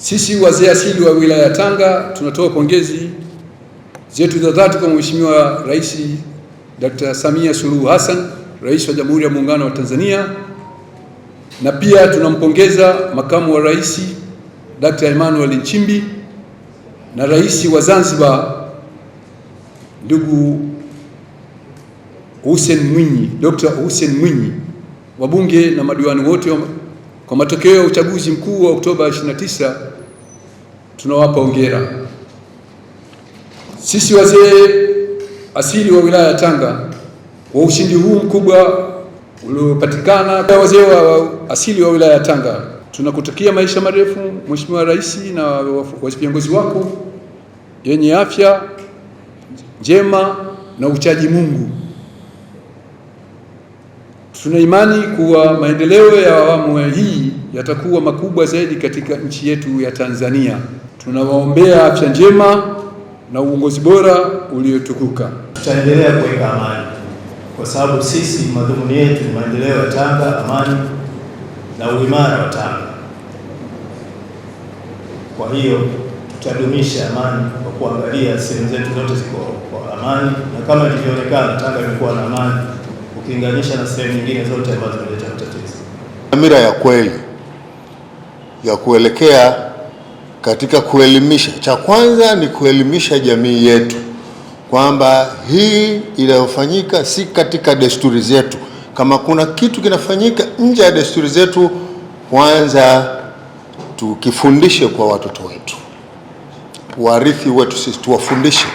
Sisi wazee asili wa wilaya ya Tanga tunatoa pongezi zetu za dhati kwa Mheshimiwa Rais Dr. Samia Suluhu Hassan, Rais wa Jamhuri ya Muungano wa Tanzania, na pia tunampongeza Makamu wa Rais Dr. Emmanuel Nchimbi na Rais wa Zanzibar ndugu Hussein Mwinyi, Dr. Hussein Mwinyi, wabunge na madiwani wote kwa matokeo ya uchaguzi mkuu wa Oktoba 29 tunawapa hongera. Sisi wazee asili wa wilaya ya Tanga kwa ushindi huu mkubwa uliopatikana kwa wazee wa asili wa wilaya ya Tanga, tunakutakia maisha marefu Mheshimiwa Rais na viongozi wako yenye afya njema na uchaji Mungu. Tuna imani kuwa maendeleo ya awamu hii yatakuwa makubwa zaidi katika nchi yetu ya Tanzania. Tunawaombea afya njema na uongozi bora uliotukuka. Tutaendelea kuweka amani, kwa sababu sisi madhumuni yetu ni maendeleo ya Tanga, amani na uimara wa Tanga. Kwa hiyo tutadumisha amani kwa kuangalia sehemu zetu zote ziko kwa amani, na kama ilivyoonekana Tanga imekuwa na amani ukilinganisha na sehemu nyingine zote ambazo zimeleta matatizo. Dhamira ya kweli ya kuelekea katika kuelimisha. Cha kwanza ni kuelimisha jamii yetu kwamba hii inayofanyika si katika desturi zetu. Kama kuna kitu kinafanyika nje ya desturi zetu, kwanza tukifundishe kwa watoto wetu, warithi wetu sisi, tuwafundishe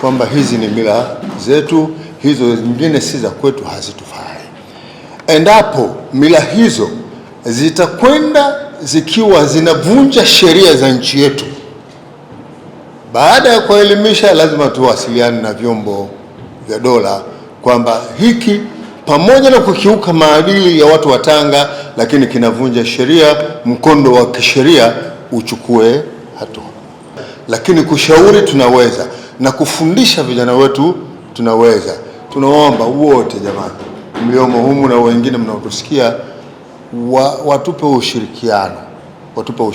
kwamba hizi ni mila zetu, hizo zingine si za kwetu, hazitufai. Endapo mila hizo zitakwenda zikiwa zinavunja sheria za nchi yetu. Baada ya kuwaelimisha, lazima tuwasiliane na vyombo vya dola kwamba hiki pamoja na kukiuka maadili ya watu wa Tanga, lakini kinavunja sheria, mkondo wa kisheria uchukue hatua. Lakini kushauri tunaweza na kufundisha vijana wetu tunaweza. Tunaomba wote jamani, mliomo humu na wengine mnaotusikia wa, watupe ushirikiano, watupe ushirikiano.